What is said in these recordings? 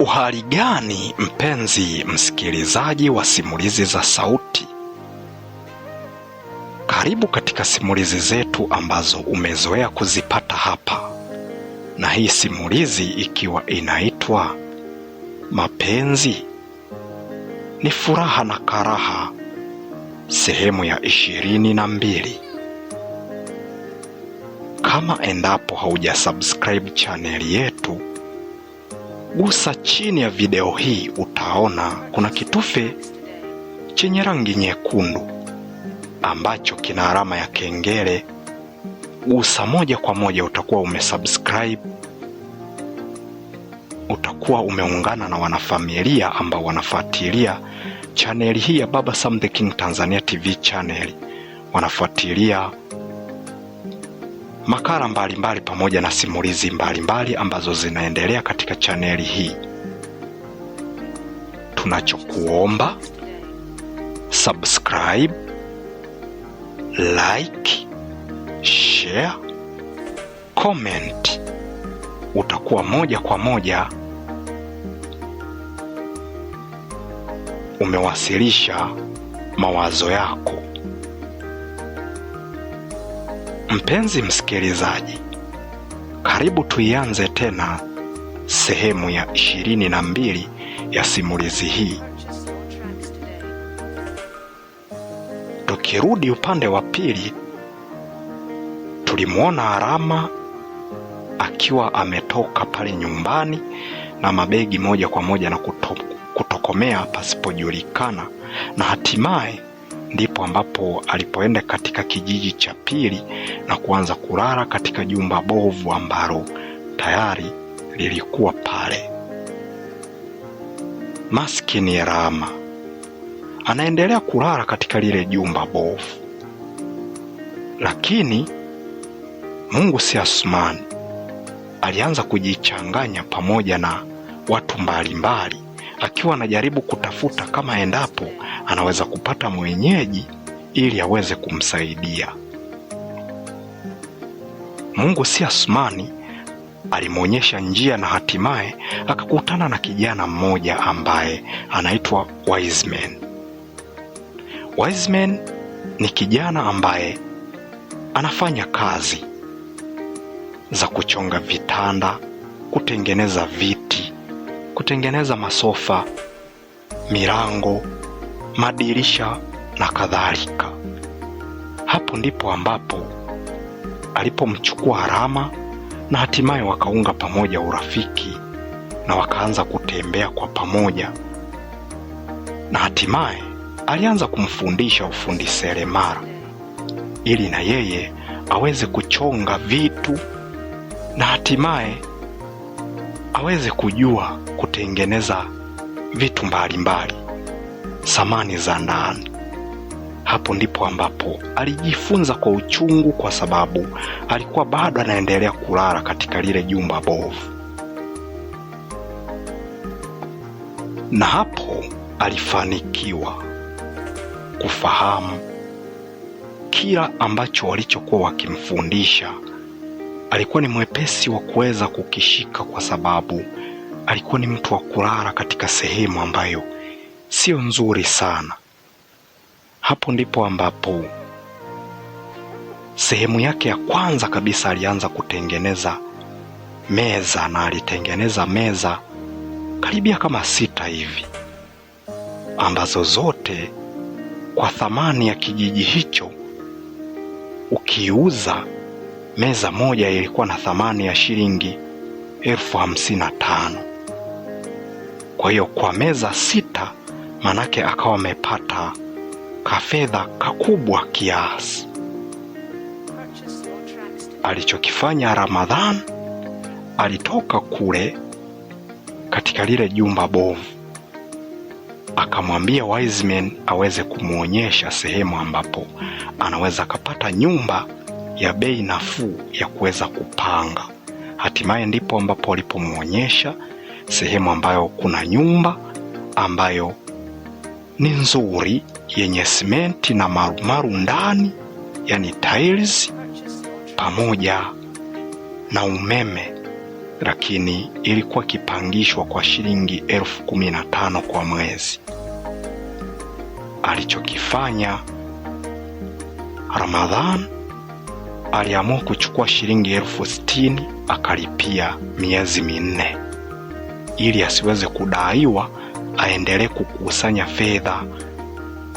Uhali gani mpenzi msikilizaji wa simulizi za sauti, karibu katika simulizi zetu ambazo umezoea kuzipata hapa, na hii simulizi ikiwa inaitwa Mapenzi ni Furaha na Karaha, sehemu ya ishirini na mbili. Kama endapo haujasubscribe chaneli yetu Gusa chini ya video hii utaona kuna kitufe chenye rangi nyekundu ambacho kina alama ya kengele. Gusa moja kwa moja, utakuwa umesubscribe, utakuwa umeungana na wanafamilia ambao wanafuatilia chaneli hii ya Baba Sam the King Tanzania TV channel, wanafuatilia makala mbalimbali pamoja na simulizi mbalimbali mbali ambazo zinaendelea katika chaneli hii. Tunachokuomba subscribe, like, share, comment. Utakuwa moja kwa moja umewasilisha mawazo yako. Mpenzi msikilizaji, karibu tuianze tena sehemu ya ishirini na mbili ya simulizi hii. Tukirudi upande wa pili, tulimwona Arama akiwa ametoka pale nyumbani na mabegi moja kwa moja na kutokomea pasipojulikana, na hatimaye ndipo ambapo alipoenda katika kijiji cha pili na kuanza kulala katika jumba bovu ambalo tayari lilikuwa pale. Maskini Rama anaendelea kulala katika lile jumba bovu, lakini Mungu si Asmani alianza kujichanganya pamoja na watu mbalimbali mbali akiwa anajaribu kutafuta kama endapo anaweza kupata mwenyeji ili aweze kumsaidia. Mungu si Asmani, alimwonyesha njia na hatimaye akakutana na kijana mmoja ambaye anaitwa Wiseman. Wiseman ni kijana ambaye anafanya kazi za kuchonga vitanda, kutengeneza viti kutengeneza masofa, milango, madirisha na kadhalika. Hapo ndipo ambapo alipomchukua Rama na hatimaye wakaunga pamoja urafiki na wakaanza kutembea kwa pamoja, na hatimaye alianza kumfundisha ufundi seremala ili na yeye aweze kuchonga vitu na hatimaye aweze kujua kutengeneza vitu mbalimbali, samani za ndani. Hapo ndipo ambapo alijifunza kwa uchungu, kwa sababu alikuwa bado anaendelea kulala katika lile jumba bovu, na hapo alifanikiwa kufahamu kila ambacho walichokuwa wakimfundisha alikuwa ni mwepesi wa kuweza kukishika, kwa sababu alikuwa ni mtu wa kulala katika sehemu ambayo sio nzuri sana. Hapo ndipo ambapo sehemu yake ya kwanza kabisa alianza kutengeneza meza, na alitengeneza meza karibia kama sita hivi ambazo zote kwa thamani ya kijiji hicho ukiuza Meza moja ilikuwa na thamani ya shilingi elfu hamsini na tano. Kwa hiyo kwa meza sita, manake akawa amepata kafedha kakubwa kiasi. Alichokifanya Ramadhan, alitoka kule katika lile jumba bovu, akamwambia Wiseman aweze kumwonyesha sehemu ambapo anaweza akapata nyumba ya bei nafuu ya kuweza kupanga. Hatimaye ndipo ambapo walipomwonyesha sehemu ambayo kuna nyumba ambayo ni nzuri yenye simenti na marumaru ndani, yani tiles pamoja na umeme, lakini ilikuwa ikipangishwa kwa shilingi elfu kumi na tano kwa mwezi. Alichokifanya Ramadhani aliamua kuchukua shilingi elfu sitini akalipia miezi minne ili asiweze kudaiwa, aendelee kukusanya fedha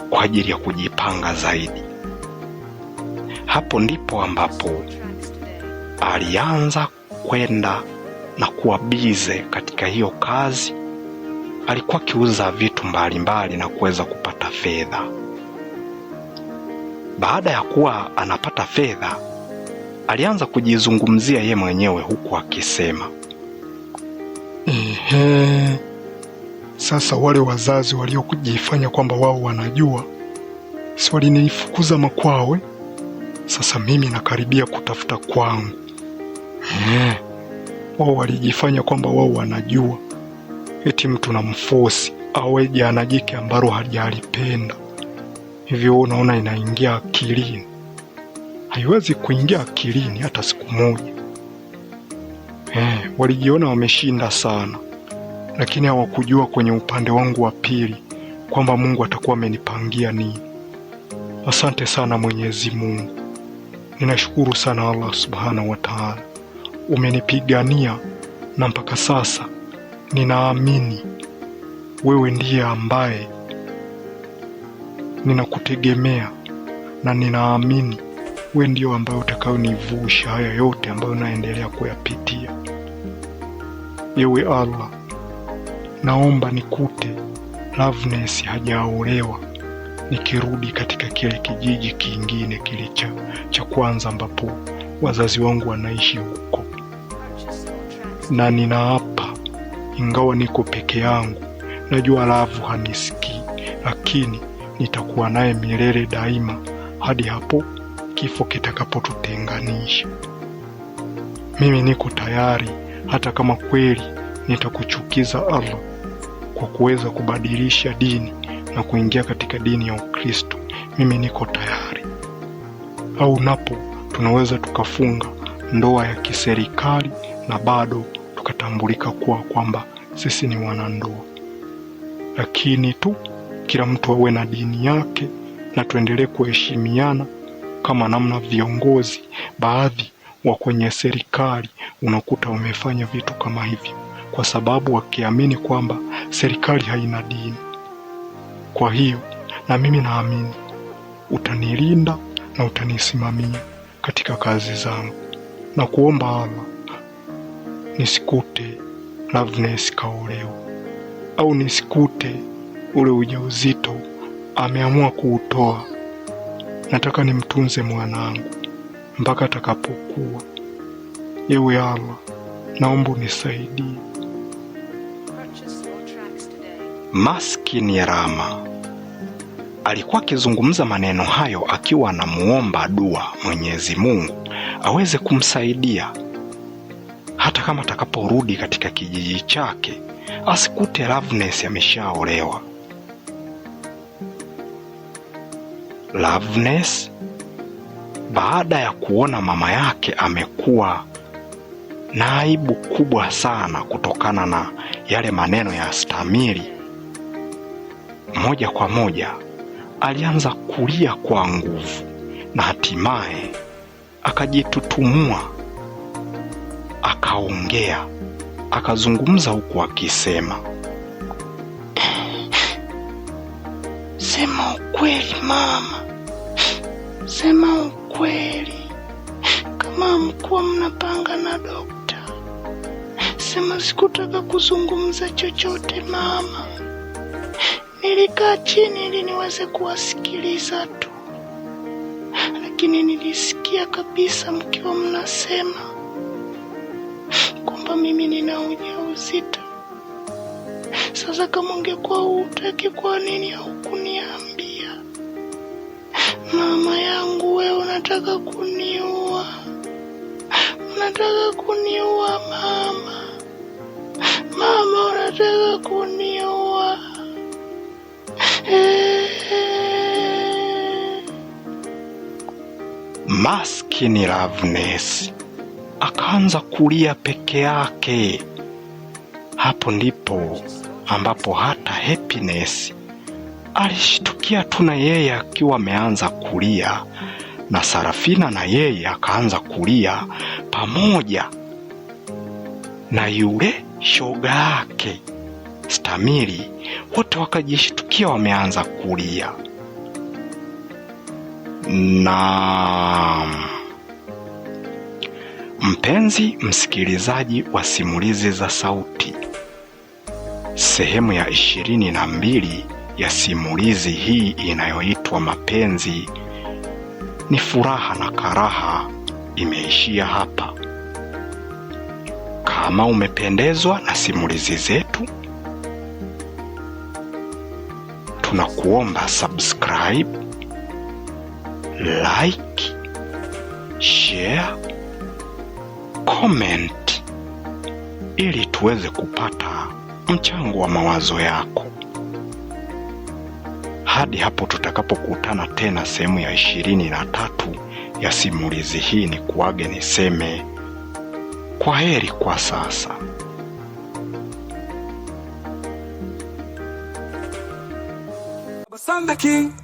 kwa ajili ya kujipanga zaidi. Hapo ndipo ambapo alianza kwenda na kuwa bize katika hiyo kazi. Alikuwa akiuza vitu mbalimbali na kuweza kupata fedha. Baada ya kuwa anapata fedha alianza kujizungumzia ye mwenyewe huku akisema, ehe, sasa wale wazazi waliokujifanya kwamba wao wanajua si walinifukuza makwawe? Sasa mimi nakaribia kutafuta kwangu. Ehe, wao walijifanya kwamba wao wanajua, eti mtu na awe jana jike ambalo hajalipenda hivyo, unaona inaingia akilini haiwezi kuingia akilini hata siku moja. Eh, walijiona wameshinda sana, lakini hawakujua kwenye upande wangu wa pili kwamba Mungu atakuwa amenipangia nini. Asante sana Mwenyezi Mungu, ninashukuru sana Allah subhanahu wa taala, umenipigania na mpaka sasa ninaamini wewe ndiye ambaye ninakutegemea na ninaamini we ndio ambao utakaonivusha haya yote ambayo naendelea kuyapitia. Ewe Allah, naomba nikute Loveness hajaolewa nikirudi katika kile kijiji kingine kile cha, cha kwanza ambapo wazazi wangu wanaishi huko, na ninaapa, ingawa niko peke yangu, najua Lavu hanisikii, lakini nitakuwa naye milele daima hadi hapo kifo kitakapotutenganisha. Mimi niko tayari, hata kama kweli nitakuchukiza Allah kwa kuweza kubadilisha dini na kuingia katika dini ya Ukristo, mimi niko tayari. Au napo tunaweza tukafunga ndoa ya kiserikali na bado tukatambulika kuwa kwamba sisi ni wanandoa, lakini tu kila mtu awe na dini yake na tuendelee kuheshimiana kama namna viongozi baadhi wa kwenye serikali unakuta wamefanya vitu kama hivyo, kwa sababu wakiamini kwamba serikali haina dini. Kwa hiyo na mimi naamini utanilinda na utanisimamia katika kazi zangu, na kuomba ama nisikute Loveness kaolewa au nisikute ule ujauzito ameamua kuutoa Nataka nimtunze mwanangu mpaka atakapokuwa. Ewe Allah, naomba unisaidie. Maskini Rama alikuwa akizungumza maneno hayo akiwa anamuomba dua Mwenyezi Mungu aweze kumsaidia hata kama atakaporudi katika kijiji chake asikute Loveness ameshaolewa. Loveness baada ya kuona mama yake amekuwa na aibu kubwa sana kutokana na yale maneno ya Stamili, moja kwa moja alianza kulia kwa nguvu na hatimaye akajitutumua, akaongea, akazungumza huku akisema, sema ukweli mama Sema ukweli, kama mkuwa mnapanga na dokta. Sema sikutaka kuzungumza chochote mama, nilikaa chini ili niweze kuwasikiliza tu, lakini nilisikia kabisa mkiwa mnasema kwamba mimi nina ujauzito. Sasa kama ungekuwa utaki, kwa nini haukuniambia? Mama yangu, wewe unataka kuniua, unataka kuniua mama, mama unataka kuniua eh. Maskini Loveness akaanza kulia peke yake. Hapo ndipo ambapo hata Happiness alishtukia tu na yeye akiwa ameanza kulia, na Sarafina na yeye akaanza kulia pamoja na yule shoga yake Stamili, wote wakajishtukia wameanza kulia na mpenzi msikilizaji wa simulizi za sauti, sehemu ya ishirini na mbili ya simulizi hii inayoitwa mapenzi ni furaha na karaha imeishia hapa. Kama umependezwa na simulizi zetu, tunakuomba subscribe, like, share, comment ili tuweze kupata mchango wa mawazo yako hadi hapo tutakapokutana tena sehemu ya ishirini na tatu ya simulizi hii, ni kuage niseme kwa heri kwa sasa.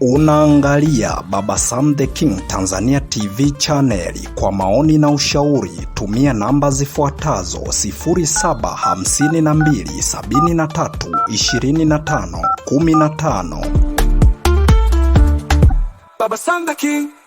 Unaangalia Baba Sam the King Tanzania TV channel. Kwa maoni na ushauri tumia namba zifuatazo: 0752732515 Baba's son the king.